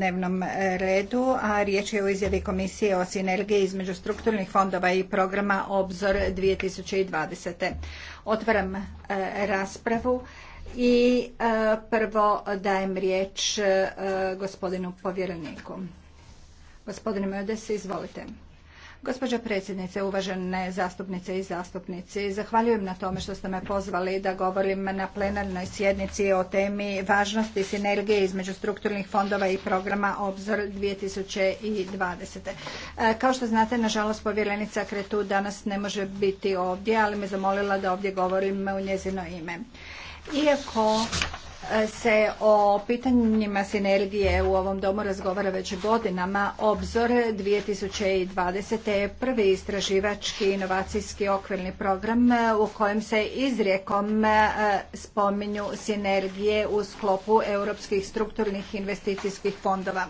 dnevnom e, redu, a riječ je o izjavi Komisije o sinergiji između strukturnih fondova i programa Obzor 2020. Otvaram e, raspravu i e, prvo dajem riječ gospodinu povjereniku. Gospodine se izvolite. Gospođa predsjednice, uvažene zastupnice i zastupnici, zahvaljujem na tome što ste me pozvali da govorim na plenarnoj sjednici o temi važnosti sinergije između strukturnih fondova i programa Obzor 2020. E, kao što znate, nažalost, povjerenica Kretu danas ne može biti ovdje, ali me zamolila da ovdje govorim u njezino ime. Iako se o pitanjima sinergije u ovom domu razgovara već godinama. Obzor 2020. je prvi istraživački inovacijski okvirni program e, u kojem se izrijekom e, spominju sinergije u sklopu europskih strukturnih investicijskih fondova.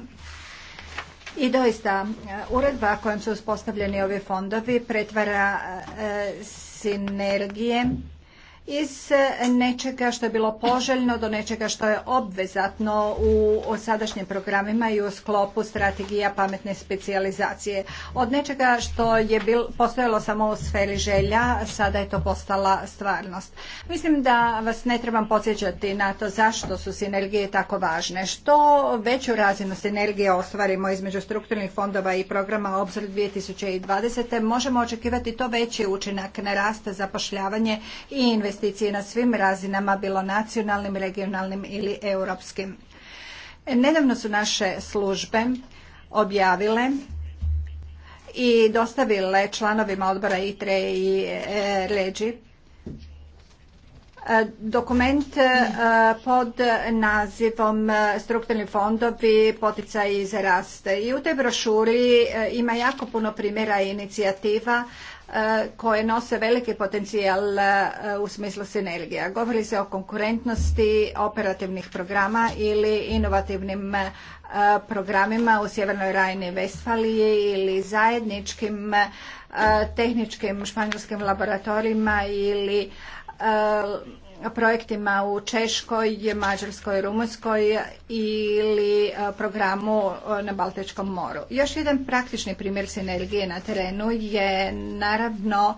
I doista, e, uredba kojom su uspostavljeni ovi fondovi pretvara sinergije iz nečega što je bilo poželjno do nečega što je obvezatno u sadašnjim programima i u sklopu strategija pametne specijalizacije. Od nečega što je bil, postojalo samo u sferi želja, sada je to postala stvarnost. Mislim da vas ne trebam podsjećati na to zašto su sinergije tako važne. Što veću razinu sinergije ostvarimo između strukturnih fondova i programa Obzor 2020. možemo očekivati to veći učinak na rast zapošljavanje i investiranje investicije na svim razinama, bilo nacionalnim, regionalnim ili europskim. Nedavno su naše službe objavile i dostavile članovima odbora ITRE i REGI e, dokument e, pod nazivom e, Strukturni fondovi poticaji za raste I u toj brošuri ima jako puno primjera i inicijativa E, koje nose veliki potencijal e, u smislu sinergija. Govori se o konkurentnosti operativnih programa ili inovativnim e, programima u Sjevernoj Rajni Vestfaliji ili zajedničkim tehničkim španjolskim laboratorijima ili projektima u Češkoj, Mađarskoj, Rumunskoj ili e, programu e, na Baltičkom moru. Još jedan praktični primjer sinergije na terenu je naravno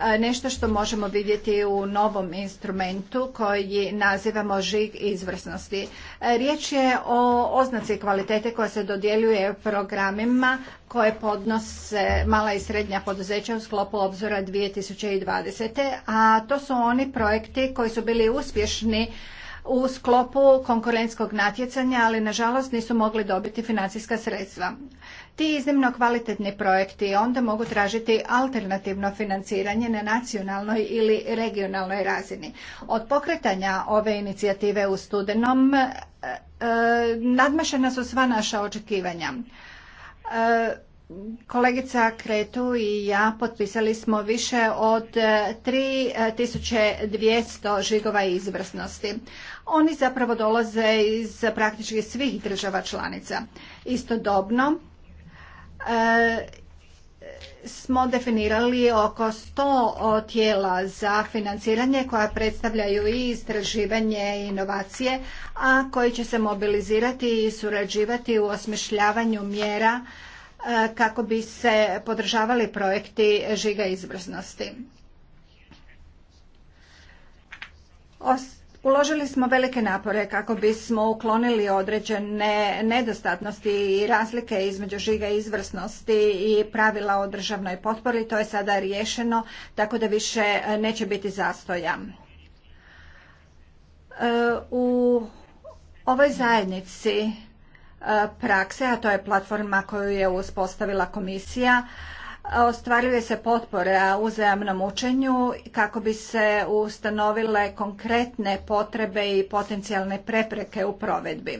E, nešto što možemo vidjeti u novom instrumentu koji nazivamo žig izvrsnosti. E, riječ je o oznaci kvalitete koja se dodjeljuje programima koje podnose mala i srednja poduzeća u sklopu obzora 2020. A to su oni projekti koji su bili uspješni u sklopu konkurentskog natjecanja, ali nažalost nisu mogli dobiti financijska sredstva. Ti iznimno kvalitetni projekti onda mogu tražiti alternativno financiranje na nacionalnoj ili regionalnoj razini. Od pokretanja ove inicijative u studenom e, e, nadmašena su sva naša očekivanja. E, kolegica Kretu i ja potpisali smo više od 3200 žigova izvrsnosti. Oni zapravo dolaze iz praktički svih država članica. Istodobno, E, smo definirali oko 100 tijela za financiranje koja predstavljaju i istraživanje i inovacije, a koji će se mobilizirati i surađivati u osmišljavanju mjera e, kako bi se podržavali projekti žiga izvrsnosti. Uložili smo velike napore kako bismo uklonili određene nedostatnosti i razlike između žiga izvrsnosti i pravila o državnoj potpori. To je sada riješeno tako da više neće biti zastoja. E, u ovoj zajednici e, prakse, a to je platforma koju je uspostavila komisija, ostvaruje se potpore potpora uzajamnom učenju kako bi se ustanovile konkretne potrebe i potencijalne prepreke u provedbi.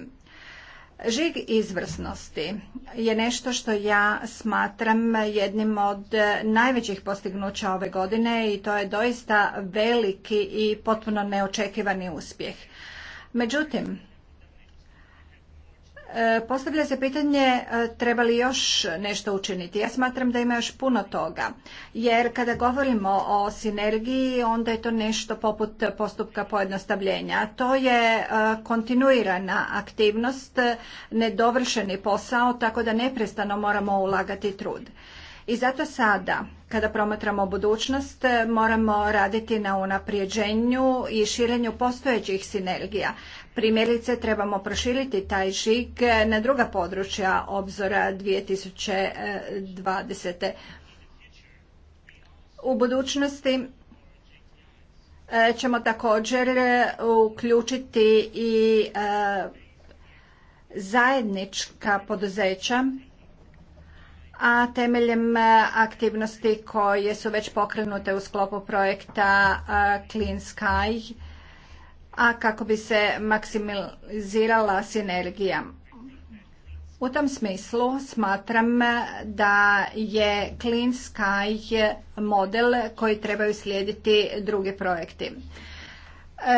Žig izvrsnosti je nešto što ja smatram jednim od najvećih postignuća ove godine i to je doista veliki i potpuno neočekivani uspjeh. Međutim, E, postavlja se pitanje e, treba li još nešto učiniti. Ja smatram da ima još puno toga, jer kada govorimo o sinergiji, onda je to nešto poput postupka pojednostavljenja. To je e, kontinuirana aktivnost, nedovršeni posao, tako da neprestano moramo ulagati trud. I zato sada, kada promatramo budućnost, moramo raditi na unaprijeđenju i širenju postojećih sinergija. Primjerice, trebamo proširiti taj žig na druga područja obzora 2020. U budućnosti e, ćemo također uključiti i e, zajednička poduzeća a temeljem e, aktivnosti koje su već pokrenute u sklopu projekta Clean Sky a kako bi se maksimizirala sinergija. U tom smislu smatram da je Clean Sky model koji trebaju slijediti drugi projekti.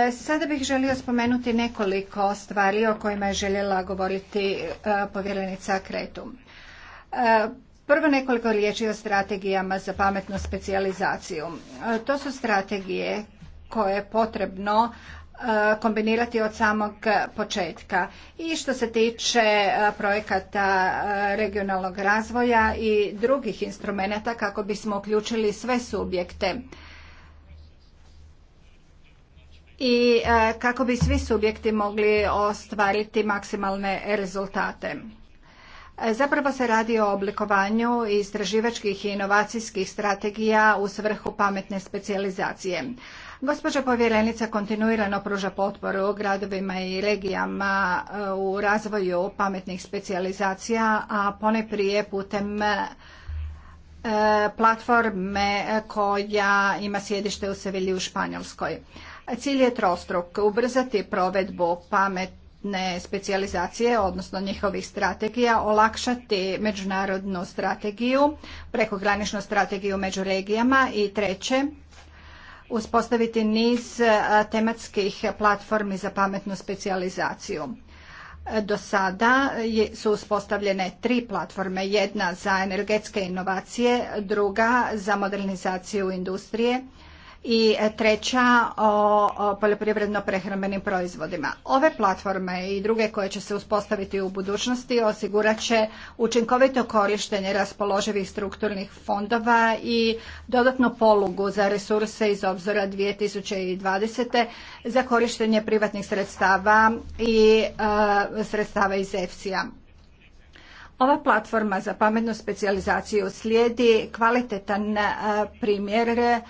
E, sada bih želio spomenuti nekoliko stvari o kojima je željela govoriti e, povjerenica Kretu. E, prvo nekoliko riječi o strategijama za pametnu specijalizaciju. To su strategije koje je potrebno Eh, kombinirati od samog početka. I što se tiče eh, projekata eh, regionalnog razvoja i drugih instrumenata kako bismo uključili sve subjekte i kako bi svi subjekti mogli ostvariti maksimalne rezultate. E, zapravo se radi o oblikovanju istraživačkih i inovacijskih strategija u svrhu pametne specijalizacije. Gospođa povjerenica kontinuirano pruža potporu gradovima i regijama e, u razvoju pametnih specijalizacija, a pone prije putem e, platforme koja ima sjedište u Sevilji u Španjolskoj. Cilj je trostruk, ubrzati provedbu pamet ne specijalizacije, odnosno njihovih strategija, olakšati međunarodnu strategiju, prekograničnu strategiju među regijama i treće, uspostaviti niz e, tematskih platformi za pametnu specijalizaciju. Do sada su uspostavljene tri platforme, jedna za energetske inovacije, druga za modernizaciju industrije, i e, treća o poljoprivredno-prehrambenim proizvodima. Ove platforme i druge koje će se uspostaviti u budućnosti osigurat će učinkovito korištenje raspoloživih strukturnih fondova i dodatnu polugu za resurse iz obzora 2020. za korištenje privatnih sredstava i e, sredstava iz EFSI-a. Ova platforma za pametnu specijalizaciju slijedi kvalitetan e, primjer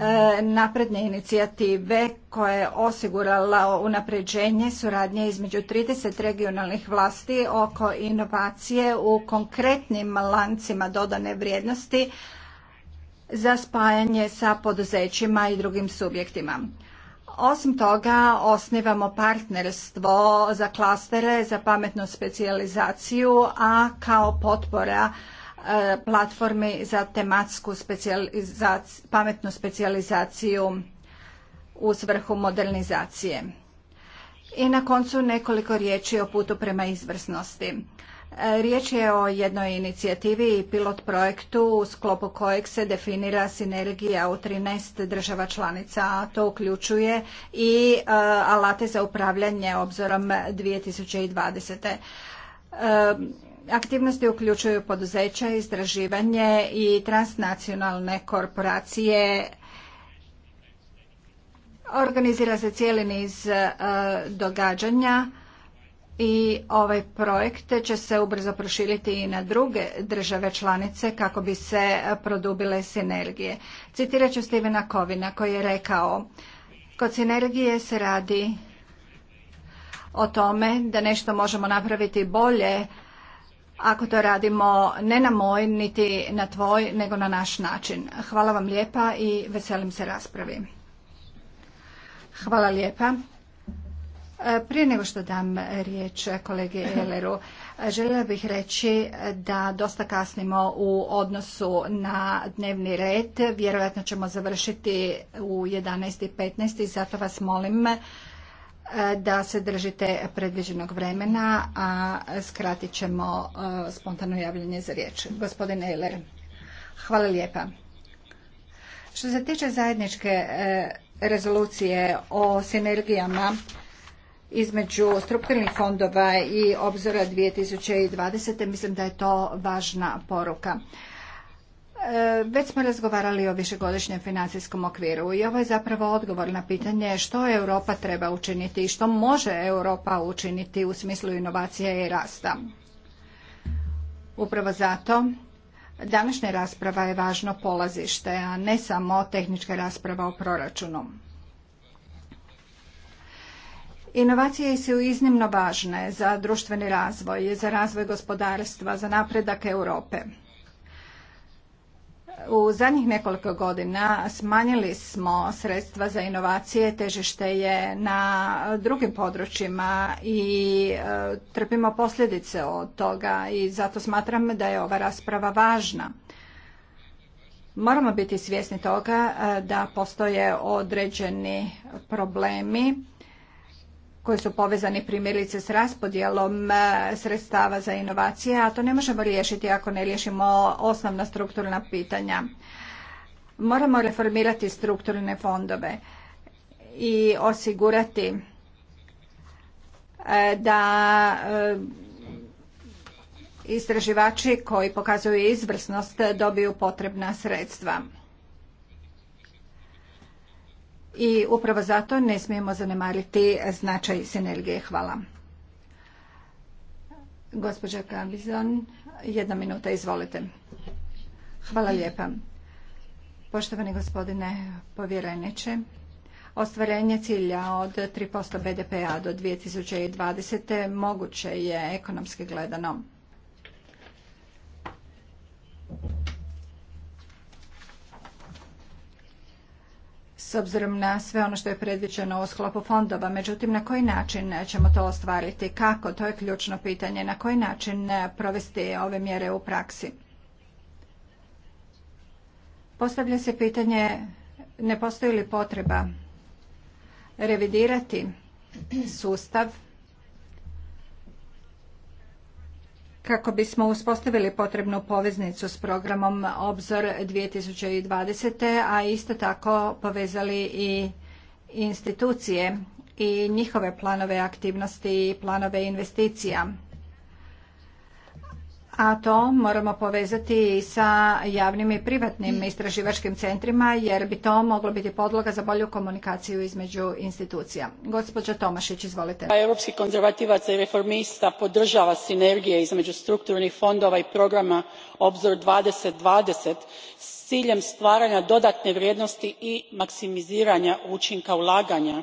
E, napredne inicijative koja je osigurala unapređenje suradnje između 30 regionalnih vlasti oko inovacije u konkretnim lancima dodane vrijednosti za spajanje sa poduzećima i drugim subjektima. Osim toga, osnivamo partnerstvo za klastere, za pametnu specijalizaciju, a kao potpora E, platformi za tematsku pametnu specijalizaciju u svrhu modernizacije. I na koncu nekoliko riječi o putu prema izvrsnosti. E, riječ je o jednoj inicijativi i pilot projektu u sklopu kojeg se definira sinergija u 13 država članica, a to uključuje i e, alate za upravljanje obzorom 2020. Aktivnosti uključuju poduzeća, istraživanje i transnacionalne korporacije. Organizira se cijeli niz e, događanja i ovaj projekt će se ubrzo proširiti i na druge države članice kako bi se produbile sinergije. Citirat ću Stevena Kovina koji je rekao Kod sinergije se radi o tome da nešto možemo napraviti bolje ako to radimo ne na moj niti na tvoj nego na naš način. Hvala vam lijepa i veselim se raspravi. Hvala lijepa. E, prije nego što dam riječ kolegi Eleru, željela bih reći da dosta kasnimo u odnosu na dnevni red. Vjerojatno ćemo završiti u 11.15 i zato vas molim da se držite predviđenog vremena, a skratit ćemo e, spontano javljanje za riječ. Gospodin Eiler, hvala lijepa. Što se tiče zajedničke e, rezolucije o sinergijama između strukturnih fondova i obzora 2020. mislim da je to važna poruka. E, već smo razgovarali o višegodišnjem financijskom okviru i ovo je zapravo odgovor na pitanje što Europa treba učiniti i što može Europa učiniti u smislu inovacija i rasta. Upravo zato današnja rasprava je važno polazište, a ne samo tehnička rasprava o proračunu. Inovacije su iznimno važne za društveni razvoj, za razvoj gospodarstva, za napredak Europe. U zadnjih nekoliko godina smanjili smo sredstva za inovacije, težište je na drugim područjima i e, trpimo posljedice od toga i zato smatram da je ova rasprava važna. Moramo biti svjesni toga e, da postoje određeni problemi koji su povezani primjerice s raspodjelom e, sredstava za inovacije, a to ne možemo riješiti ako ne riješimo osnovna strukturna pitanja. Moramo reformirati strukturne fondove i osigurati e, da e, istraživači koji pokazuju izvrsnost dobiju potrebna sredstva i upravo zato ne smijemo zanemariti značaj sinergije. Hvala. Gospođa Kavizon, jedna minuta, izvolite. Hvala lijepa. Poštovani gospodine povjereniče, ostvarenje cilja od 3% BDP-a do 2020. moguće je ekonomski gledano. s obzirom na sve ono što je predviđeno u sklopu fondova. Međutim, na koji način ćemo to ostvariti? Kako? To je ključno pitanje. Na koji način e, provesti ove mjere u praksi? Postavlja se pitanje ne postoji li potreba revidirati sustav kako bismo uspostavili potrebnu poveznicu s programom Obzor 2020. a isto tako povezali i institucije i njihove planove aktivnosti i planove investicija a to moramo povezati sa javnim i privatnim istraživačkim centrima jer bi to moglo biti podloga za bolju komunikaciju između institucija. Gospođa Tomašić, izvolite. Pa Europski konzervativac i reformista podržava sinergije između strukturnih fondova i programa Obzor 2020 s ciljem stvaranja dodatne vrijednosti i maksimiziranja učinka ulaganja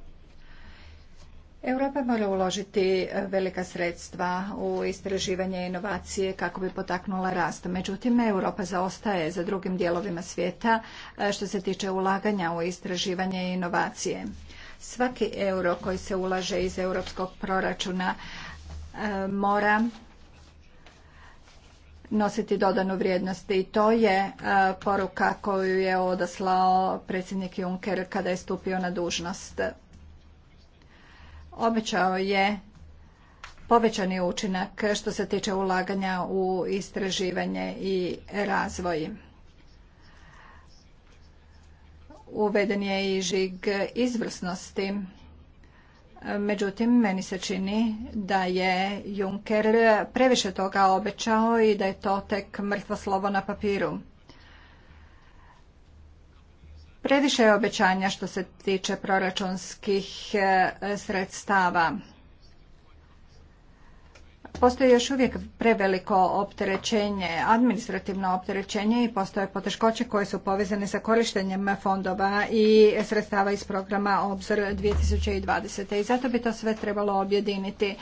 Europa mora uložiti e, velika sredstva u istraživanje i inovacije kako bi potaknula rast. Međutim, Europa zaostaje za drugim dijelovima svijeta e, što se tiče ulaganja u istraživanje i inovacije. Svaki euro koji se ulaže iz europskog proračuna e, mora nositi dodanu vrijednost i to je poruka koju je odaslao predsjednik Juncker kada je stupio na dužnost. Obećao je povećani učinak što se tiče ulaganja u istraživanje i razvoj. Uveden je i žig izvrsnosti. Međutim, meni se čini da je Juncker previše toga obećao i da je to tek mrtvo slovo na papiru. Previše je obećanja što se tiče proračunskih e, sredstava. Postoji još uvijek preveliko opterećenje, administrativno opterećenje i postoje poteškoće koje su povezane sa korištenjem fondova i sredstava iz programa Obzor 2020. I zato bi to sve trebalo objediniti. E,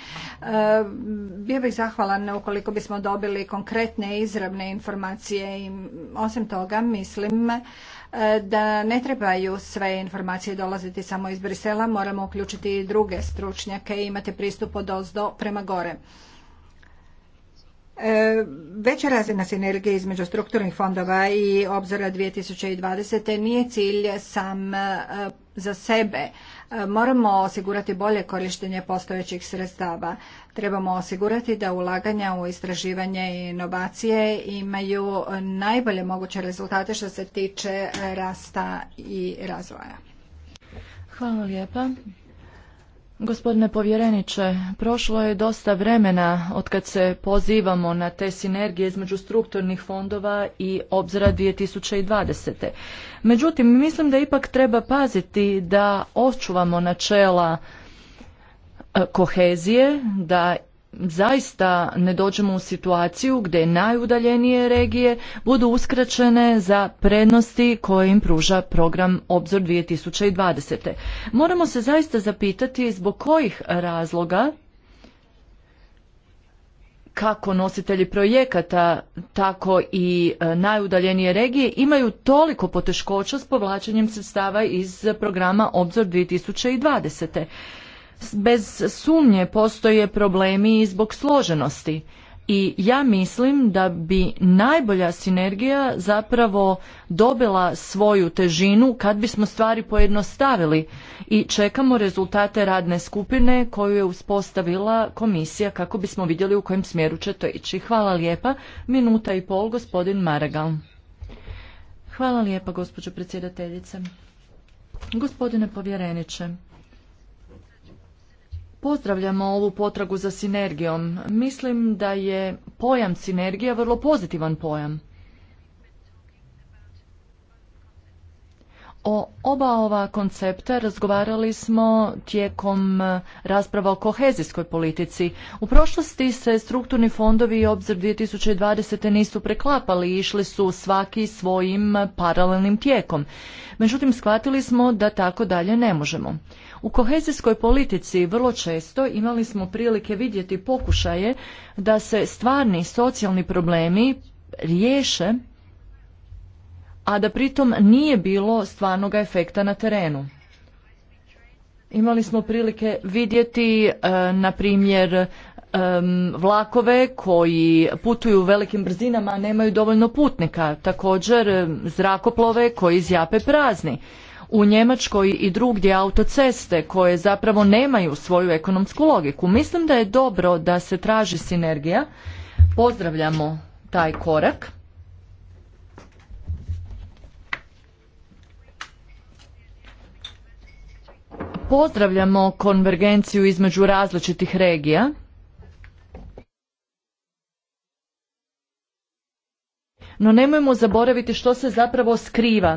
bio bih zahvalan ukoliko bismo dobili konkretne izravne informacije i osim toga mislim E, da ne trebaju sve informacije dolaziti samo iz Brisela, moramo uključiti i druge stručnjake i imati pristup od ozdo prema gore. E, veća razina sinergije između strukturnih fondova i obzora 2020. nije cilj sam e, za sebe. E, moramo osigurati bolje korištenje postojećih sredstava. Trebamo osigurati da ulaganja u istraživanje i inovacije imaju najbolje moguće rezultate što se tiče rasta i razvoja. Hvala lijepa. Gospodine povjereniče, prošlo je dosta vremena od kad se pozivamo na te sinergije između strukturnih fondova i obzira 2020. Međutim, mislim da ipak treba paziti da očuvamo načela e, kohezije, da zaista ne dođemo u situaciju gdje najudaljenije regije budu uskraćene za prednosti koje im pruža program Obzor 2020. Moramo se zaista zapitati zbog kojih razloga kako nositelji projekata, tako i e, najudaljenije regije imaju toliko poteškoća s povlačenjem sredstava iz programa Obzor 2020. Bez sumnje postoje problemi i zbog složenosti i ja mislim da bi najbolja sinergija zapravo dobila svoju težinu kad bismo stvari pojednostavili i čekamo rezultate radne skupine koju je uspostavila komisija kako bismo vidjeli u kojem smjeru će to ići. Hvala lijepa. Minuta i pol, gospodin Maragal. Hvala lijepa, gospođo predsjedateljice. Gospodine povjereniče, Pozdravljamo ovu potragu za sinergijom. Mislim da je pojam sinergija vrlo pozitivan pojam. O oba ova koncepta razgovarali smo tijekom e, rasprava o kohezijskoj politici. U prošlosti se strukturni fondovi i obzir 2020. nisu preklapali i išli su svaki svojim paralelnim tijekom. Međutim, shvatili smo da tako dalje ne možemo. U kohezijskoj politici vrlo često imali smo prilike vidjeti pokušaje da se stvarni socijalni problemi riješe a da pritom nije bilo stvarnog efekta na terenu. Imali smo prilike vidjeti, e, na primjer, e, vlakove koji putuju u velikim brzinama a nemaju dovoljno putnika, također e, zrakoplove koji zjape prazni. U Njemačkoj i drugdje autoceste koje zapravo nemaju svoju ekonomsku logiku. Mislim da je dobro da se traži sinergija. Pozdravljamo taj korak. pozdravljamo konvergenciju između različitih regija. No nemojmo zaboraviti što se zapravo skriva.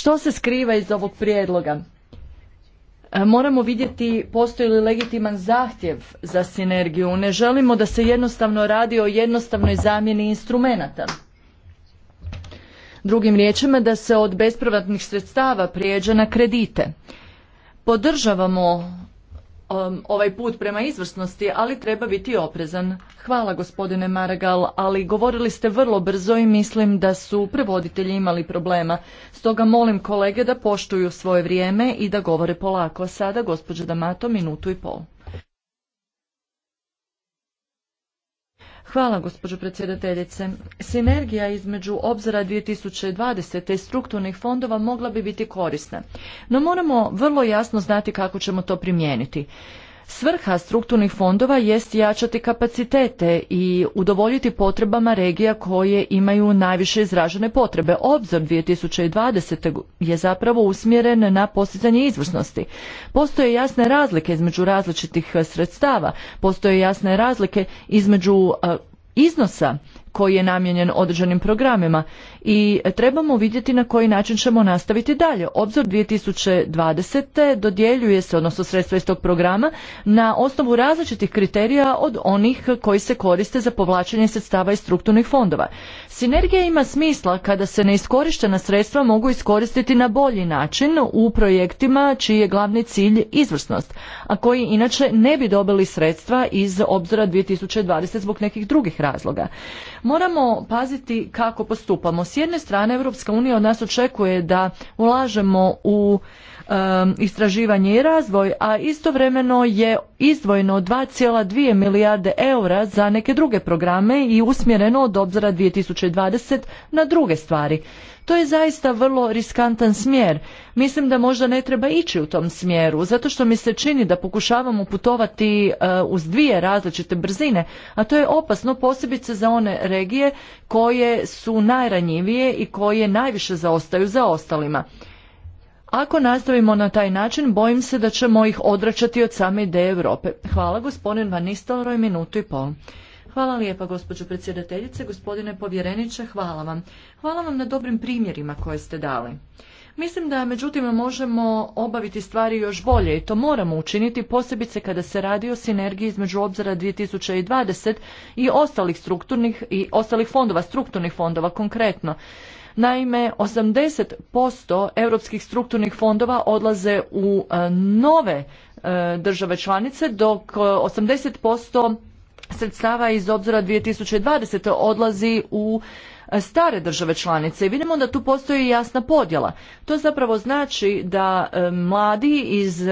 Što se skriva iz ovog prijedloga? E, moramo vidjeti postoji li legitiman zahtjev za sinergiju. Ne želimo da se jednostavno radi o jednostavnoj zamjeni instrumenata. Drugim riječima da se od bespovratnih sredstava prijeđe na kredite. Podržavamo um, ovaj put prema izvrsnosti, ali treba biti oprezan. Hvala gospodine Maragal, ali govorili ste vrlo brzo i mislim da su prevoditelji imali problema. Stoga molim kolege da poštuju svoje vrijeme i da govore polako. Sada gospođa Damato minutu i pol. Hvala, gospođo predsjedateljice. Sinergija između obzora 2020. i strukturnih fondova mogla bi biti korisna. No moramo vrlo jasno znati kako ćemo to primijeniti. Svrha strukturnih fondova jest jačati kapacitete i udovoljiti potrebama regija koje imaju najviše izražene potrebe. Obzor 2020. je zapravo usmjeren na postizanje izvrsnosti. Postoje jasne razlike između različitih e, sredstava, postoje jasne razlike između e, iznosa koji je namijenjen određenim programima i trebamo vidjeti na koji način ćemo nastaviti dalje. Obzor 2020. dodjeljuje se, odnosno sredstva iz tog programa, na osnovu različitih kriterija od onih koji se koriste za povlačenje sredstava iz strukturnih fondova. Sinergija ima smisla kada se neiskorištena sredstva mogu iskoristiti na bolji način u projektima čiji je glavni cilj izvrsnost, a koji inače ne bi dobili sredstva iz obzora 2020 zbog nekih drugih razloga. Moramo paziti kako postupamo. S jedne strane Europska unija od nas očekuje da ulažemo u Um, istraživanje i razvoj, a istovremeno je izdvojeno 2,2 milijarde eura za neke druge programe i usmjereno od obzora 2020 na druge stvari. To je zaista vrlo riskantan smjer. Mislim da možda ne treba ići u tom smjeru, zato što mi se čini da pokušavamo putovati uh, uz dvije različite brzine, a to je opasno posebice za one regije koje su najranjivije i koje najviše zaostaju za ostalima. Ako nastavimo na taj način, bojim se da ćemo ih odračati od same ideje Europe. Hvala gospodin Van minutu i pol. Hvala lijepa gospođo predsjedateljice, gospodine povjereniče, hvala vam. Hvala vam na dobrim primjerima koje ste dali. Mislim da međutim možemo obaviti stvari još bolje i to moramo učiniti posebice kada se radi o sinergiji između obzora 2020 i ostalih strukturnih i ostalih fondova, strukturnih fondova konkretno. Naime, 80% europskih strukturnih fondova odlaze u e, nove e, države članice, dok 80% e, sredstava iz obzora 2020. odlazi u stare države članice i vidimo da tu postoji jasna podjela. To zapravo znači da mladi iz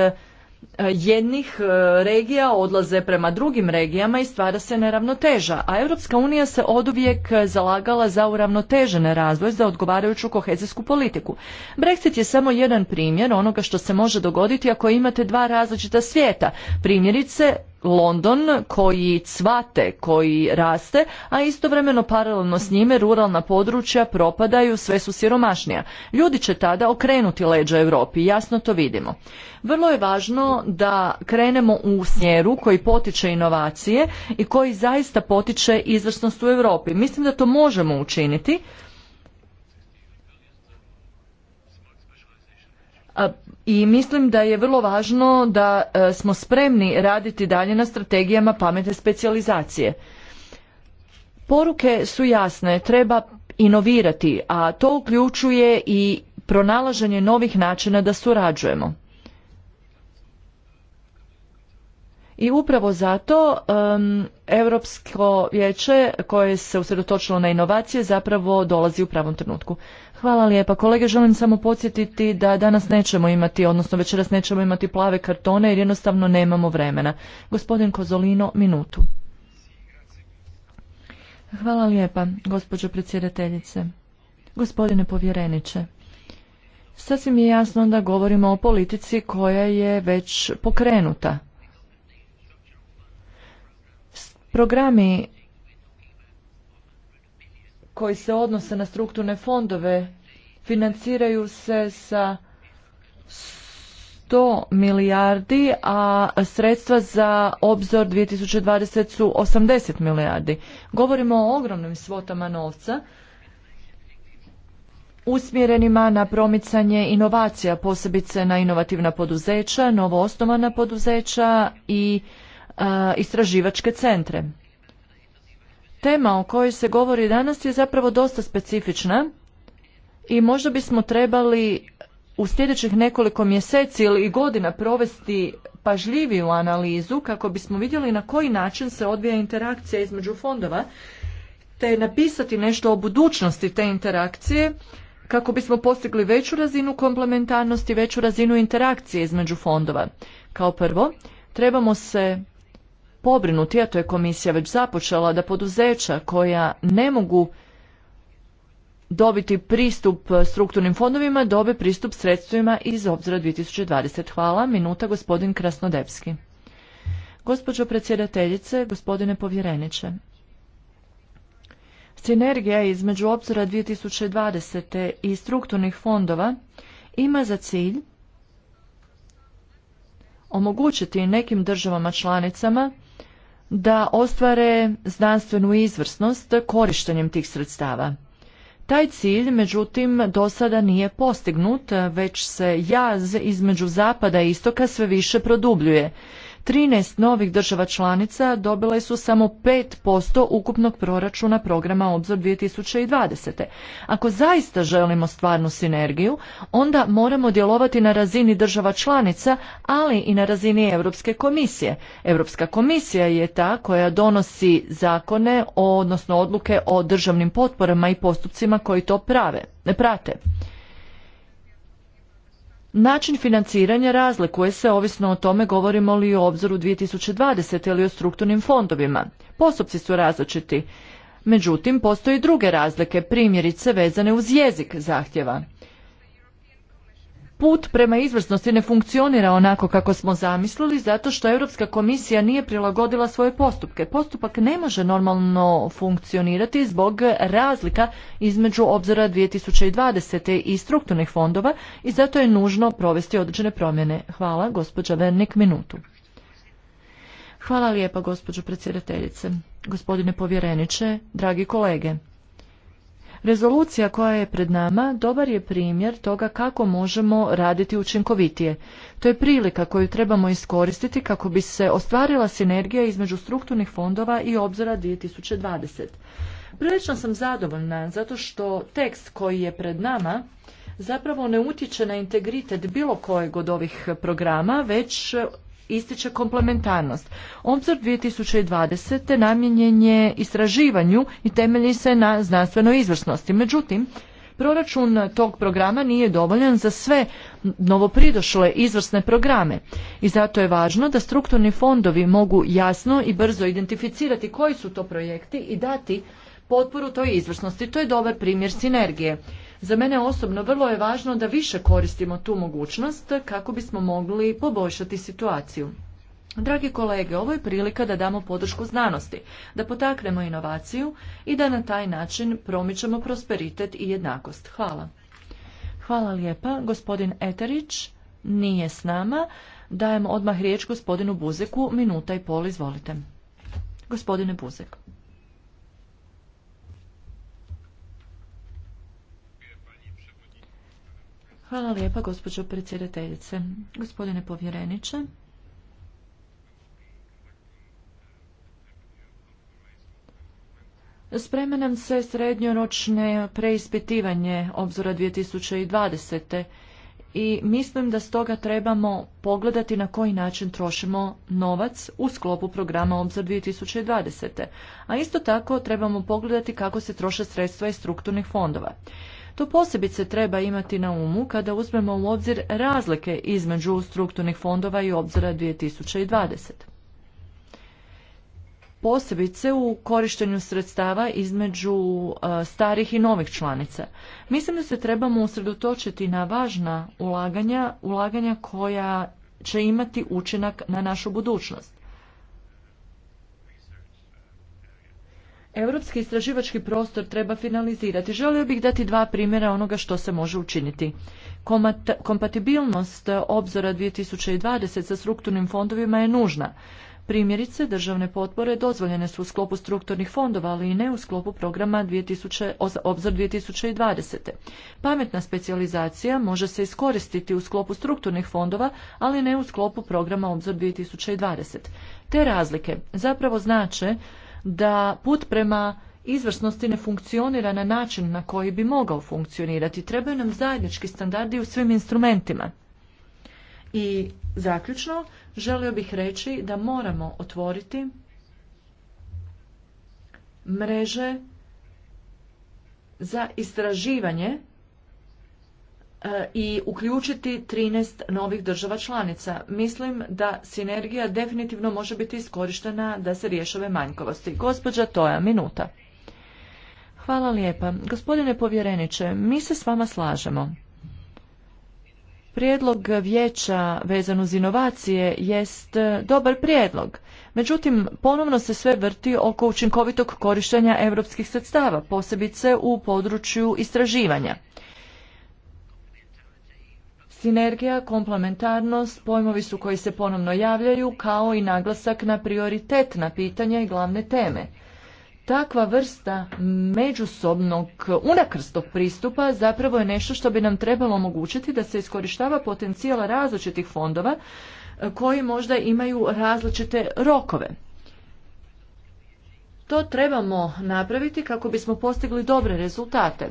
jednih e, regija odlaze prema drugim regijama i stvara se neravnoteža, a Europska unija se oduvijek e, zalagala za uravnotežen razvoj za odgovarajuću kohezijsku politiku. Brexit je samo jedan primjer onoga što se može dogoditi ako imate dva različita svijeta. Primjerice, London koji cvate, koji raste, a istovremeno paralelno s njime ruralna područja propadaju, sve su siromašnija. Ljudi će tada okrenuti leđa Europi, jasno to vidimo. Vrlo je važno da krenemo u smjeru koji potiče inovacije i koji zaista potiče izvrsnost u Europi. Mislim da to možemo učiniti i mislim da je vrlo važno da e, smo spremni raditi dalje na strategijama pametne specijalizacije. Poruke su jasne, treba inovirati, a to uključuje i pronalaženje novih načina da surađujemo. I upravo zato Europsko vijeće koje se usredotočilo na inovacije zapravo dolazi u pravom trenutku. Hvala lijepa. Kolege, želim samo podsjetiti da danas nećemo imati, odnosno večeras nećemo imati plave kartone jer jednostavno nemamo vremena. Gospodin Kozolino, minutu. Hvala lijepa, gospođo predsjedateljice. Gospodine povjereniče, sasvim je jasno da govorimo o politici koja je već pokrenuta. Programi koji se odnose na strukturne fondove financiraju se sa 100 milijardi, a sredstva za obzor 2020 su 80 milijardi. Govorimo o ogromnim svotama novca usmjerenima na promicanje inovacija, posebice na inovativna poduzeća, novoosnovana poduzeća i istraživačke centre. Tema o kojoj se govori danas je zapravo dosta specifična i možda bismo trebali u sljedećih nekoliko mjeseci ili godina provesti pažljiviju analizu kako bismo vidjeli na koji način se odvija interakcija između fondova te napisati nešto o budućnosti te interakcije kako bismo postigli veću razinu komplementarnosti, veću razinu interakcije između fondova. Kao prvo, trebamo se pobrinuti, a to je komisija već započela, da poduzeća koja ne mogu dobiti pristup strukturnim fondovima, dobe pristup sredstvima iz obzira 2020. Hvala. Minuta gospodin Krasnodevski. Gospođo predsjedateljice, gospodine povjereniče. Sinergija između obzora 2020. i strukturnih fondova ima za cilj omogućiti nekim državama članicama da ostvare znanstvenu izvrsnost korištenjem tih sredstava. Taj cilj, međutim, do sada nije postignut, već se jaz između zapada i istoka sve više produbljuje. 13 novih država članica dobile su samo 5% ukupnog proračuna programa Obzor 2020. Ako zaista želimo stvarnu sinergiju, onda moramo djelovati na razini država članica, ali i na razini Europske komisije. Europska komisija je ta koja donosi zakone, odnosno odluke o državnim potporama i postupcima koji to prave, prate. Način financiranja razlikuje se ovisno o tome govorimo li o obzoru 2020 ili o strukturnim fondovima. Postupci su različiti. Međutim, postoji druge razlike, primjerice vezane uz jezik zahtjeva put prema izvrsnosti ne funkcionira onako kako smo zamislili zato što Europska komisija nije prilagodila svoje postupke. Postupak ne može normalno funkcionirati zbog razlika između obzora 2020. i strukturnih fondova i zato je nužno provesti određene promjene. Hvala, gospođa Vernik, minutu. Hvala lijepa, gospođo predsjedateljice, gospodine povjereniče, dragi kolege. Rezolucija koja je pred nama dobar je primjer toga kako možemo raditi učinkovitije. To je prilika koju trebamo iskoristiti kako bi se ostvarila sinergija između strukturnih fondova i obzora 2020. Prilično sam zadovoljna zato što tekst koji je pred nama zapravo ne utječe na integritet bilo kojeg od ovih programa, već ističe komplementarnost. Obzor 2020. namjenjen je istraživanju i temelji se na znanstvenoj izvrsnosti. Međutim, proračun tog programa nije dovoljan za sve novopridošle izvrsne programe i zato je važno da strukturni fondovi mogu jasno i brzo identificirati koji su to projekti i dati potporu toj izvrsnosti. To je dobar primjer sinergije. Za mene osobno vrlo je važno da više koristimo tu mogućnost kako bismo mogli poboljšati situaciju. Dragi kolege, ovo je prilika da damo podršku znanosti, da potaknemo inovaciju i da na taj način promičemo prosperitet i jednakost. Hvala. Hvala lijepa. Gospodin Eterić nije s nama. Dajem odmah riječ gospodinu Buzeku. Minuta i pol, izvolite. Gospodine Buzek. Hvala lijepa, gospođo predsjedateljice. Gospodine povjereniče, Sprema nam se srednjoročne preispitivanje obzora 2020. i mislim da stoga trebamo pogledati na koji način trošimo novac u sklopu programa obzor 2020. A isto tako trebamo pogledati kako se troše sredstva iz strukturnih fondova. To posebice treba imati na umu kada uzmemo u obzir razlike između strukturnih fondova i obzora 2020 posebice u korištenju sredstava između e, starih i novih članica. Mislim da se trebamo usredotočiti na važna ulaganja, ulaganja koja će imati učinak na našu budućnost. Europski istraživački prostor treba finalizirati. Želio bih dati dva primjera onoga što se može učiniti. kompatibilnost obzora 2020 sa strukturnim fondovima je nužna. Primjerice, državne potpore dozvoljene su u sklopu strukturnih fondova, ali i ne u sklopu programa Obzor 2020. Pametna specijalizacija može se iskoristiti u sklopu strukturnih fondova, ali ne u sklopu programa Obzor 2020. Te razlike zapravo znače da put prema izvrsnosti ne funkcionira na način na koji bi mogao funkcionirati. Trebaju nam zajednički standardi u svim instrumentima. I zaključno želio bih reći da moramo otvoriti mreže za istraživanje E, i uključiti 13 novih država članica. Mislim da sinergija definitivno može biti iskorištena da se riješove manjkovosti. Gospođa Toja, minuta. Hvala lijepa. Gospodine povjereniče, mi se s vama slažemo. Prijedlog vijeća vezan uz inovacije jest e, dobar prijedlog. Međutim, ponovno se sve vrti oko učinkovitog korištenja europskih sredstava, posebice u području istraživanja. Sinergija, komplementarnost, pojmovi su koji se ponovno javljaju, kao i naglasak na prioritetna pitanja i glavne teme. Takva vrsta međusobnog unakrstog pristupa zapravo je nešto što bi nam trebalo omogućiti da se iskorištava potencijal različitih fondova e, koji možda imaju različite rokove. To trebamo napraviti kako bismo postigli dobre rezultate.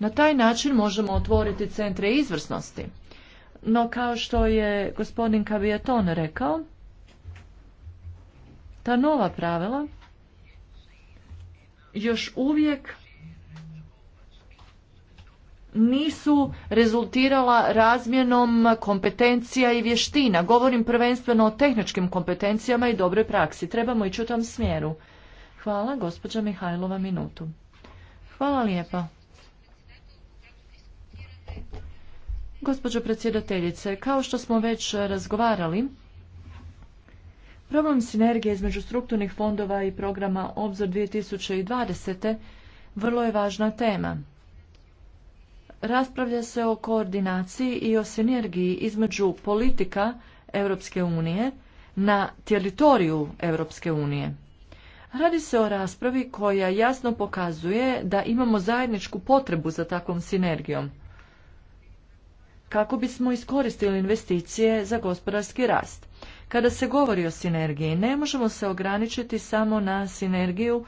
Na taj način možemo otvoriti centre izvrsnosti. No kao što je gospodin Kabijaton rekao, ta nova pravila još uvijek nisu rezultirala razmjenom kompetencija i vještina. Govorim prvenstveno o tehničkim kompetencijama i dobroj praksi. Trebamo ići u tom smjeru. Hvala, gospođa Mihajlova, minutu. Hvala lijepa. Gospođo predsjedateljice, kao što smo već razgovarali, problem sinergije između strukturnih fondova i programa Obzor 2020. vrlo je važna tema. Raspravlja se o koordinaciji i o sinergiji između politika Europske unije na teritoriju Europske unije. Radi se o raspravi koja jasno pokazuje da imamo zajedničku potrebu za takvom sinergijom kako bismo iskoristili investicije za gospodarski rast. Kada se govori o sinergiji, ne možemo se ograničiti samo na sinergiju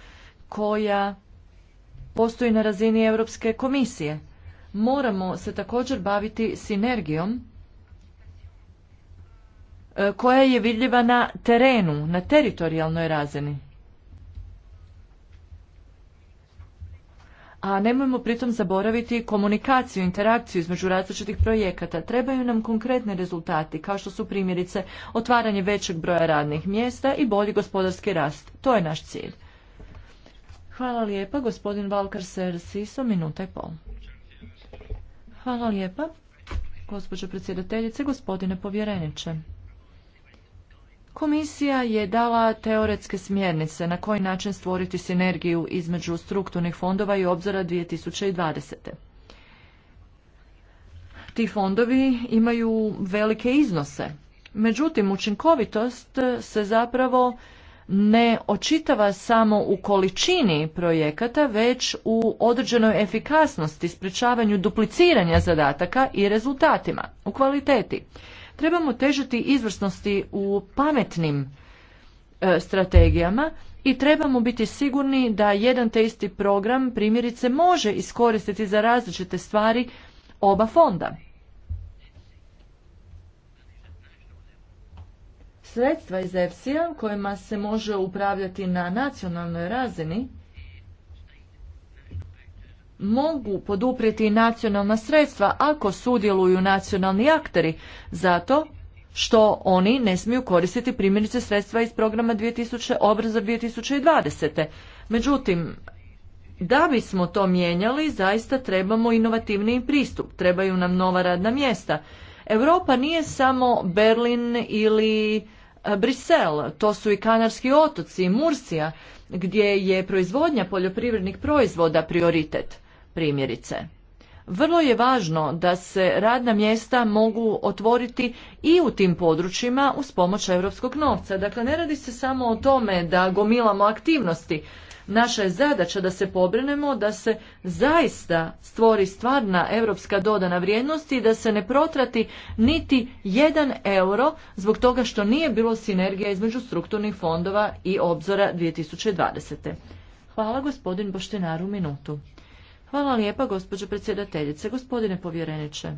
koja postoji na razini Europske komisije. Moramo se također baviti sinergijom e, koja je vidljiva na terenu, na teritorijalnoj razini. a nemojmo pritom zaboraviti komunikaciju, interakciju između različitih projekata. Trebaju nam konkretne rezultati, kao što su primjerice otvaranje većeg broja radnih mjesta i bolji gospodarski rast. To je naš cilj. Hvala lijepa, gospodin Valkar Sersiso, minuta i pol. Hvala lijepa, gospođo predsjedateljice, gospodine povjereniče. Komisija je dala teoretske smjernice na koji način stvoriti sinergiju između strukturnih fondova i obzora 2020. Ti fondovi imaju velike iznose. Međutim, učinkovitost se zapravo ne očitava samo u količini projekata, već u određenoj efikasnosti, sprečavanju dupliciranja zadataka i rezultatima, u kvaliteti. Trebamo težiti izvrsnosti u pametnim e, strategijama i trebamo biti sigurni da jedan te isti program primjerice može iskoristiti za različite stvari oba fonda. Sredstva iz EFSI-a kojima se može upravljati na nacionalnoj razini mogu poduprijeti nacionalna sredstva ako sudjeluju nacionalni akteri, zato što oni ne smiju koristiti primjerice sredstva iz programa 2000, obraza 2020. Međutim, da bismo to mijenjali, zaista trebamo inovativniji pristup, trebaju nam nova radna mjesta. Europa nije samo Berlin ili e, Brisel, to su i Kanarski otoci, i Mursija, gdje je proizvodnja poljoprivrednih proizvoda prioritet primjerice. Vrlo je važno da se radna mjesta mogu otvoriti i u tim područjima uz pomoć europskog novca. Dakle, ne radi se samo o tome da gomilamo aktivnosti. Naša je zadaća da se pobrinemo da se zaista stvori stvarna europska dodana vrijednost i da se ne protrati niti jedan euro zbog toga što nije bilo sinergija između strukturnih fondova i obzora 2020. Hvala gospodin Boštenaru minutu. Hvala lijepa, gospođo predsjedateljice. Gospodine povjereniče,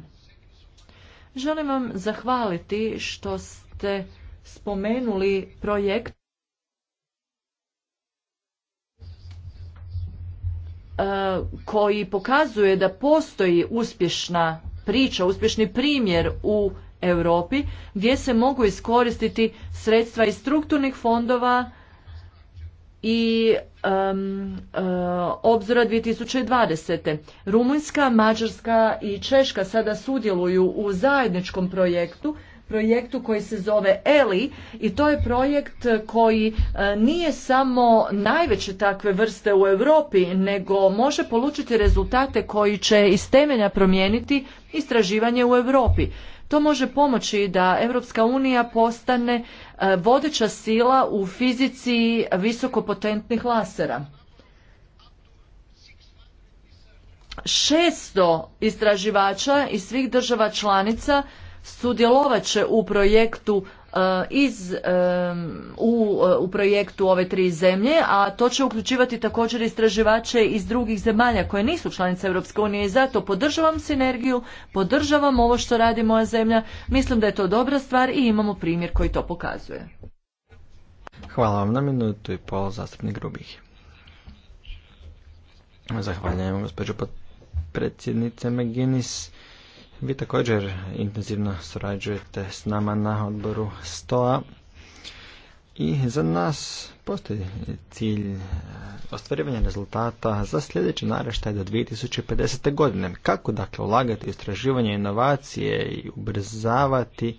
želim vam zahvaliti što ste spomenuli projekt e, koji pokazuje da postoji uspješna priča, uspješni primjer u Europi gdje se mogu iskoristiti sredstva iz strukturnih fondova i um, uh, obzora 2020. Rumunjska, Mađarska i Češka sada sudjeluju u zajedničkom projektu projektu koji se zove ELI i to je projekt koji eh, nije samo najveće takve vrste u Europi, nego može polučiti rezultate koji će iz temelja promijeniti istraživanje u Europi. To može pomoći da Europska unija postane e, vodeća sila u fizici visokopotentnih lasera. 600 istraživača iz svih država članica sudjelovat će u projektu Eh, iz, u, eh, u projektu ove tri zemlje, a to će uključivati također istraživače iz drugih zemalja koje nisu članice Europske unije i zato podržavam sinergiju, podržavam ovo što radi moja zemlja, mislim da je to dobra stvar i imamo primjer koji to pokazuje. Hvala vam na minutu i pol zastupnik Grubih. Zahvaljujem predsjednice meginis. Vi također intenzivno surađujete s nama na odboru STOA i za nas postoji cilj e, ostvarivanja rezultata za sljedeći naraštaj do 2050. godine. Kako dakle ulagati istraživanje inovacije i ubrzavati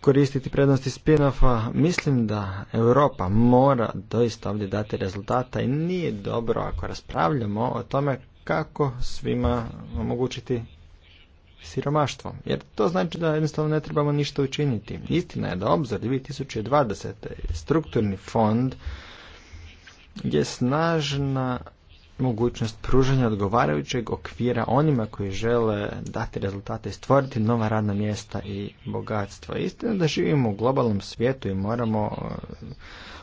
koristiti prednosti spin-offa, mislim da Europa mora doista ovdje dati rezultata i nije dobro ako raspravljamo o tome kako svima omogućiti siromaštvo, jer to znači da jednostavno ne trebamo ništa učiniti. Istina je da obzor 2020. strukturni fond je snažna mogućnost pružanja odgovarajućeg okvira onima koji žele dati rezultate i stvoriti nova radna mjesta i bogatstvo. Istina da živimo u globalnom svijetu i moramo uh,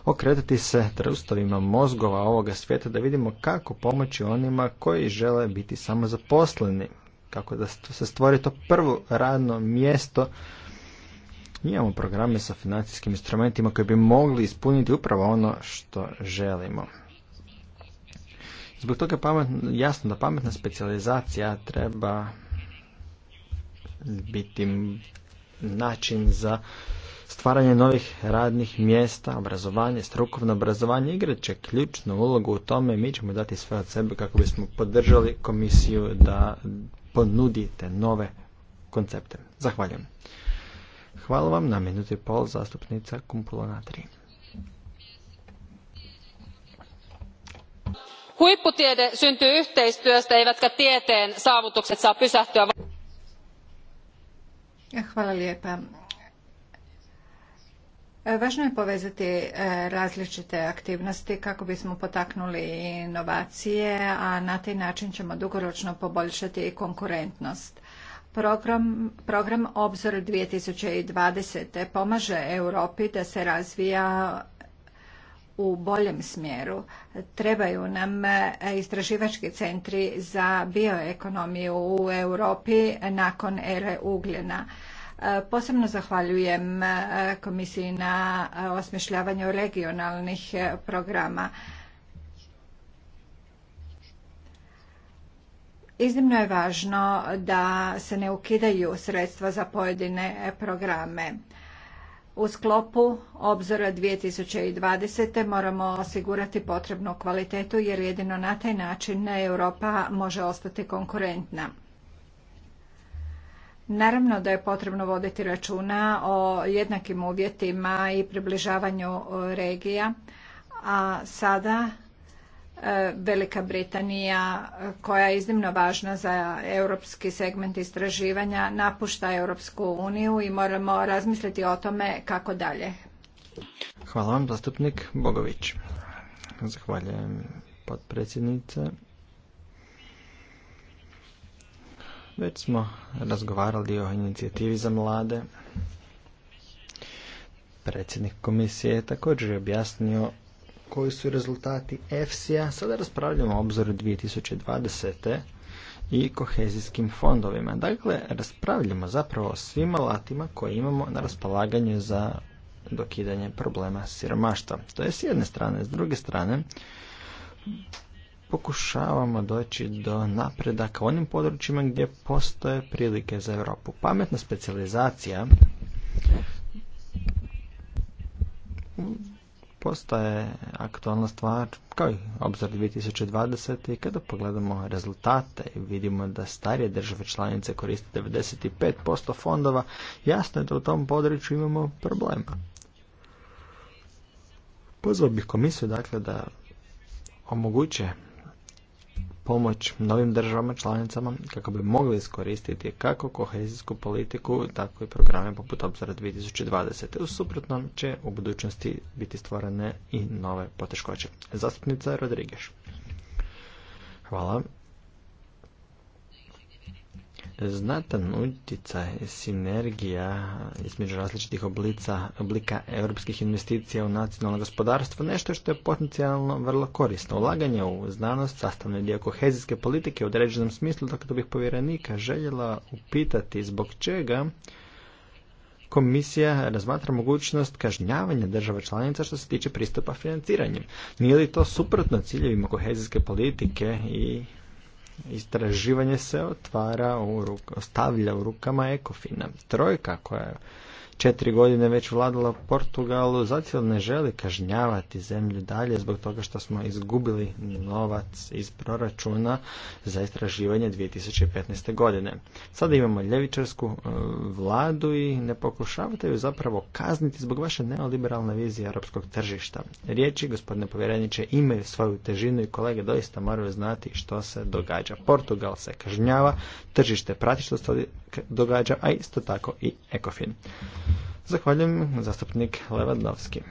okretati se trustovima mozgova ovoga svijeta da vidimo kako pomoći onima koji žele biti samozaposleni kako da se stvori to prvo radno mjesto. imamo programe sa financijskim instrumentima koji bi mogli ispuniti upravo ono što želimo. Zbog toga je jasno da pametna specijalizacija treba biti način za Stvaranje novih radnih mjesta, obrazovanje, strukovno obrazovanje igrat će ključnu ulogu u tome. Mi ćemo dati sve od sebe kako bismo podržali komisiju da ponudite nove koncepte. Zahvaljujem. Hvala vam na minuti pol zastupnica Kumpula na Huipputiede syntyy yhteistyöstä, eivätkä tieteen saavutukset saa pysähtyä. Hvala lijepa. E, važno je povezati e, različite aktivnosti kako bismo potaknuli inovacije, a na taj način ćemo dugoročno poboljšati i konkurentnost. Program, program Obzor 2020. pomaže Europi da se razvija u boljem smjeru. Trebaju nam e, istraživački centri za bioekonomiju u Europi nakon ere ugljena. E, posebno zahvaljujem e, komisiji na e, osmišljavanju regionalnih programa. Iznimno je važno da se ne ukidaju sredstva za pojedine programe. U sklopu obzora 2020. moramo osigurati potrebnu kvalitetu jer jedino na taj način Europa može ostati konkurentna. Naravno da je potrebno voditi računa o jednakim uvjetima i približavanju e, regija, a sada e, Velika Britanija e, koja je iznimno važna za europski segment istraživanja napušta Europsku uniju i moramo razmisliti o tome kako dalje. Hvala vam, zastupnik Bogović. Zahvaljujem podpredsjednice. Već smo razgovarali o inicijativi za mlade. Predsjednik komisije je također objasnio koji su rezultati EFSI-a. Sada raspravljamo o obzoru 2020. i kohezijskim fondovima. Dakle, raspravljamo zapravo o svim alatima koje imamo na raspolaganju za dokidanje problema siromaštva. To je s jedne strane. S druge strane, pokušavamo doći do napredaka u onim područjima gdje postoje prilike za Europu. Pametna specijalizacija postaje aktualna stvar kao i obzor 2020 i kada pogledamo rezultate i vidimo da starije države članice koriste 95% fondova, jasno je da u tom području imamo problema. Pozvao bih komisiju dakle da omoguće pomoć novim državama članicama kako bi mogli iskoristiti kako kohezijsku politiku, tako i programe poput Obzora 2020. U suprotnom će u budućnosti biti stvorene i nove poteškoće. Zastupnica Rodrigeš. Hvala znatan utjecaj sinergija između različitih oblica, oblika europskih investicija u nacionalno gospodarstvo, nešto što je potencijalno vrlo korisno. Ulaganje u znanost, sastavni dio kohezijske politike u određenom smislu, dok bih povjerenika željela upitati zbog čega komisija razmatra mogućnost kažnjavanja država članica što se tiče pristupa financiranjem. Nije li to suprotno ciljevima kohezijske politike i istraživanje se otvara u ruk, ostavlja u rukama Ekofina. Trojka koja četiri godine već vladala Portugalu, zato ne želi kažnjavati zemlju dalje zbog toga što smo izgubili novac iz proračuna za istraživanje 2015. godine. Sada imamo ljevičarsku e, vladu i ne pokušavate ju zapravo kazniti zbog vaše neoliberalne vizije europskog tržišta. Riječi, gospodine povjereniče, imaju svoju težinu i kolege doista moraju znati što se događa. Portugal se kažnjava, tržište prati što se događa, a isto tako i ECOFIN. Zahvaljujem zastupnik Levadlovski.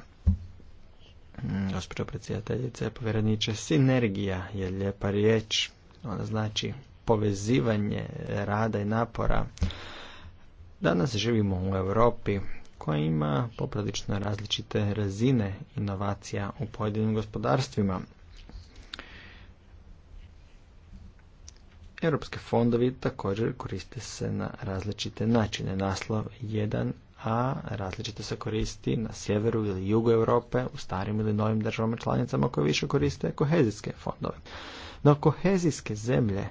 Mm, gospođo predsjedateljice, povjereniče, sinergija je lijepa riječ. Ona znači povezivanje rada i napora. Danas živimo u Europi koja ima poprilično različite razine inovacija u pojedinim gospodarstvima. Europski fondovi također koriste se na različite načine. Naslov 1a različito se koristi na sjeveru ili jugu Europe, u starim ili novim državama članicama koje više koriste kohezijske fondove. No kohezijske zemlje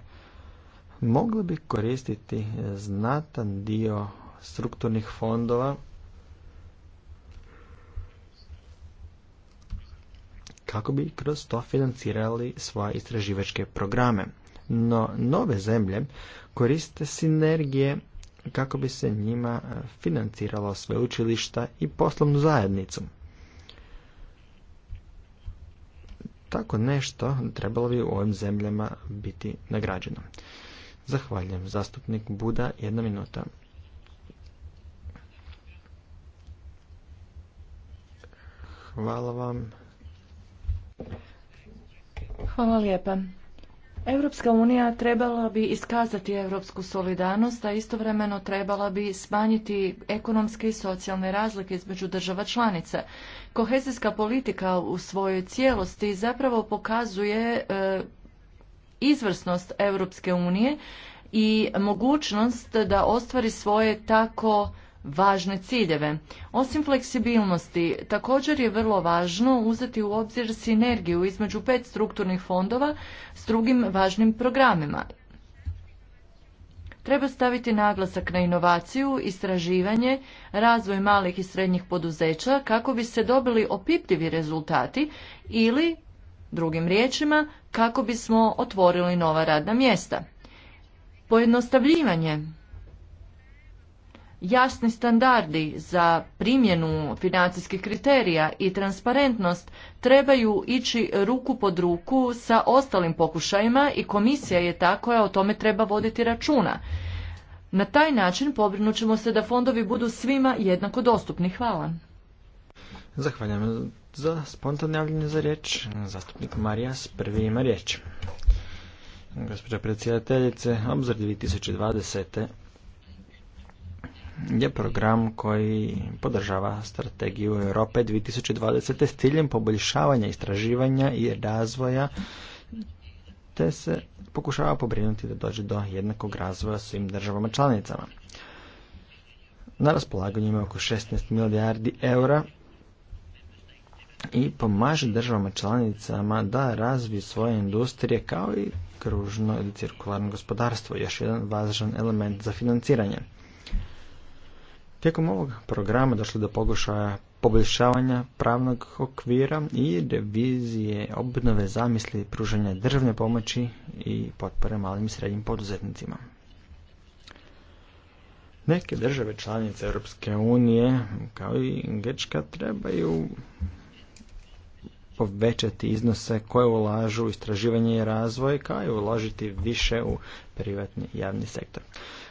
mogle bi koristiti znatan dio strukturnih fondova kako bi kroz to financirali svoje istraživačke programe no nove zemlje koriste sinergije kako bi se njima e, financiralo sveučilišta i poslovnu zajednicu. Tako nešto trebalo bi u ovim zemljama biti nagrađeno. Zahvaljujem. Zastupnik Buda, jedna minuta. Hvala vam. Hvala lijepa. Europska unija trebala bi iskazati europsku solidarnost, a istovremeno trebala bi smanjiti ekonomske i socijalne razlike između država članica. Kohezijska politika u svojoj cijelosti zapravo pokazuje e, izvrsnost Europske unije i mogućnost da ostvari svoje tako važne ciljeve. Osim fleksibilnosti, također je vrlo važno uzeti u obzir sinergiju između pet strukturnih fondova s drugim važnim programima. Treba staviti naglasak na inovaciju, istraživanje, razvoj malih i srednjih poduzeća kako bi se dobili opipljivi rezultati ili, drugim riječima, kako bismo otvorili nova radna mjesta. Pojednostavljivanje jasni standardi za primjenu financijskih kriterija i transparentnost trebaju ići ruku pod ruku sa ostalim pokušajima i komisija je ta koja o tome treba voditi računa. Na taj način pobrinut ćemo se da fondovi budu svima jednako dostupni. Hvala. Zahvaljujem za spontane javljanje za riječ. Zastupnik Marijas prvi ima riječ. Gospođa predsjedateljice, obzor 2020 je program koji podržava strategiju Europe 2020. s ciljem poboljšavanja istraživanja i razvoja te se pokušava pobrinuti da dođe do jednakog razvoja svim državama članicama. Na raspolaganju ima oko 16 milijardi eura i pomaže državama članicama da razviju svoje industrije kao i kružno ili cirkularno gospodarstvo, još jedan važan element za financiranje. Tijekom ovog programa došlo do pokušaja poboljšavanja pravnog okvira i revizije obnove zamisli pružanja državne pomoći i potpore malim i srednjim poduzetnicima. Neke države članice Europske unije, kao i Grčka, trebaju povećati iznose koje ulažu u istraživanje i razvoj, kao i uložiti više u privatni javni sektor.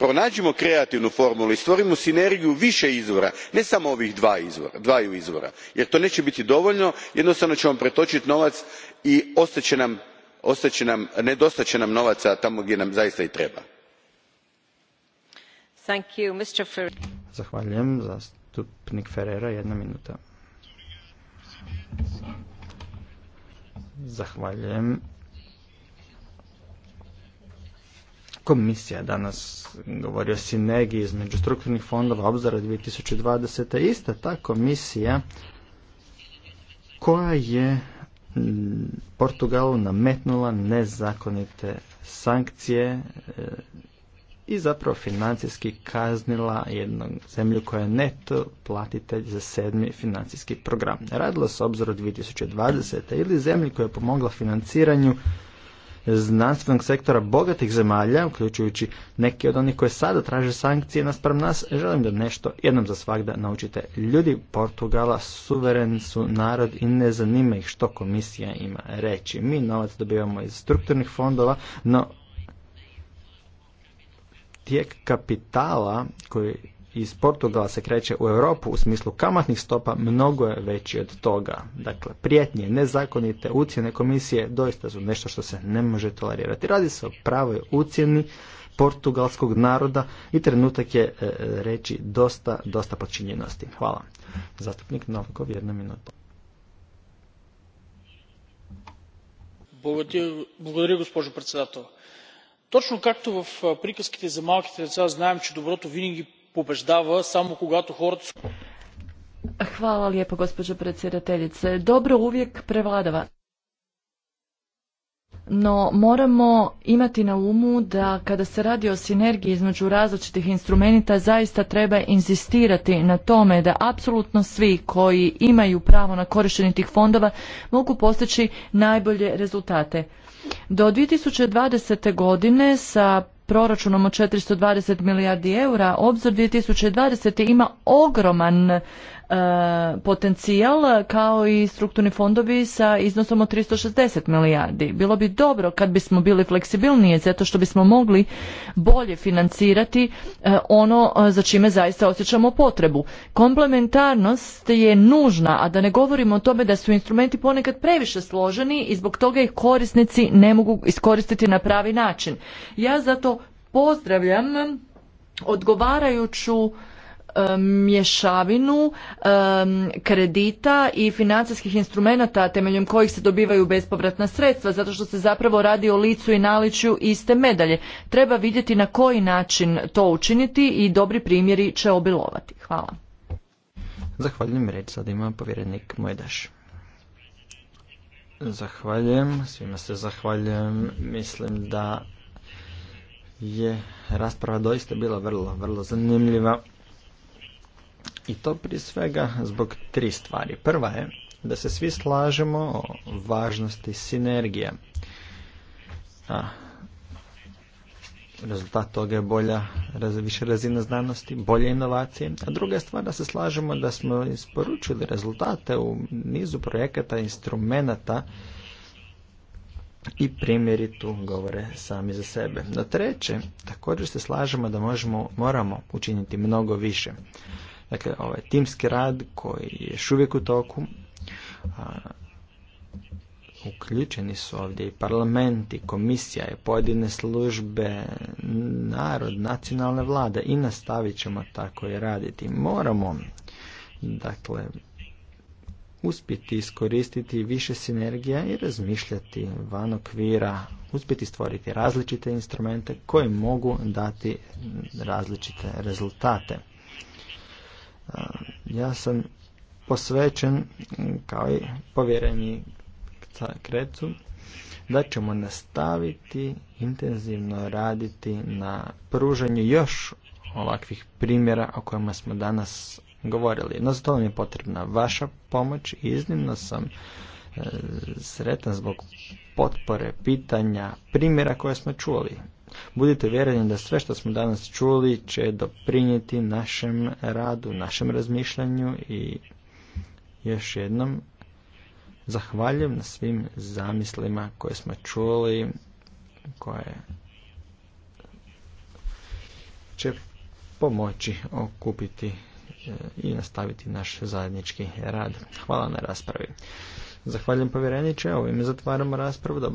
pronađimo kreativnu formulu i stvorimo sinergiju više izvora ne samo ovih dvaju izvora jer to neće biti dovoljno jednostavno ćemo pretočiti novac i nedostat će nam novaca tamo gdje nam zaista i treba. Komisija danas govori o sinergiji između strukturnih fondova obzora 2020. Ista ta komisija koja je mm, Portugalu nametnula nezakonite sankcije e, i zapravo financijski kaznila jednu zemlju koja je neto platitelj za sedmi financijski program. Radilo se obzoru 2020. ili zemlji koja je pomogla financiranju znanstvenog sektora bogatih zemalja, uključujući neke od onih koje sada traže sankcije naspram nas, želim da nešto jednom za svakda naučite. Ljudi Portugala suveren su narod i ne zanima ih što komisija ima reći. Mi novac dobivamo iz strukturnih fondova, no tijek kapitala koji iz Portugala se kreće u Europu u smislu kamatnih stopa mnogo je veći od toga. Dakle, prijetnje, nezakonite ucjene komisije doista su nešto što se ne može tolerirati. Radi se o pravoj ucijeni portugalskog naroda i trenutak je e, reći dosta, dosta počinjenosti. Hvala. Zastupnik Novakov, jedna minuta. Благодаря, госпожо председател. Точно както в приказките за малките деца знаем, че доброто винаги побеждава samo когато Hvala lijepo, gospođo predsjedateljice. Dobro uvijek prevladava. No moramo imati na umu da kada se radi o sinergiji između različitih instrumenta zaista treba inzistirati na tome da apsolutno svi koji imaju pravo na korištenje tih fondova mogu postići najbolje rezultate. Do 2020. godine sa proračunom od 420 milijardi eura, obzor 2020. ima ogroman E, potencijal kao i strukturni fondovi sa iznosom od 360 milijardi. Bilo bi dobro kad bismo bili fleksibilnije zato što bismo mogli bolje financirati e, ono e, za čime zaista osjećamo potrebu. Komplementarnost je nužna, a da ne govorimo o tome da su instrumenti ponekad previše složeni i zbog toga ih korisnici ne mogu iskoristiti na pravi način. Ja zato pozdravljam odgovarajuću mješavinu kredita i financijskih instrumenata temeljem kojih se dobivaju bespovratna sredstva zato što se zapravo radi o licu i naličju iste medalje. Treba vidjeti na koji način to učiniti i dobri primjeri će obilovati. Hvala. Zahvaljujem reč sad ima povjerenik Mojdaš. Zahvaljujem, svima se zahvaljujem. Mislim da je rasprava doista bila vrlo, vrlo zanimljiva i to prije svega zbog tri stvari. Prva je da se svi slažemo o važnosti sinergije. A, rezultat toga je bolja, više razina znanosti, bolje inovacije. A druga stvar da se slažemo da smo isporučili rezultate u nizu projekata, instrumenata i primjeri tu govore sami za sebe. Na treće, također se slažemo da možemo, moramo učiniti mnogo više. Dakle, ovaj timski rad koji je još uvijek u toku, a, uključeni su ovdje i parlamenti, komisija i pojedine službe, narod, nacionalne vlade i nastavit ćemo tako i raditi. Moramo, dakle, uspjeti iskoristiti više sinergija i razmišljati van okvira, uspjeti stvoriti različite instrumente koji mogu dati različite rezultate. Ja sam posvećen, kao i povjereni krecu, da ćemo nastaviti intenzivno raditi na pružanju još ovakvih primjera o kojima smo danas govorili. No za to nam je potrebna vaša pomoć i iznimno sam e, sretan zbog potpore, pitanja, primjera koje smo čuli. Budite vjereni da sve što smo danas čuli će doprinijeti našem radu, našem razmišljanju i još jednom zahvaljujem na svim zamislima koje smo čuli, koje će pomoći okupiti e, i nastaviti naš zajednički rad. Hvala na raspravi. Zahvaljujem povjereniče, ovime zatvaramo raspravu.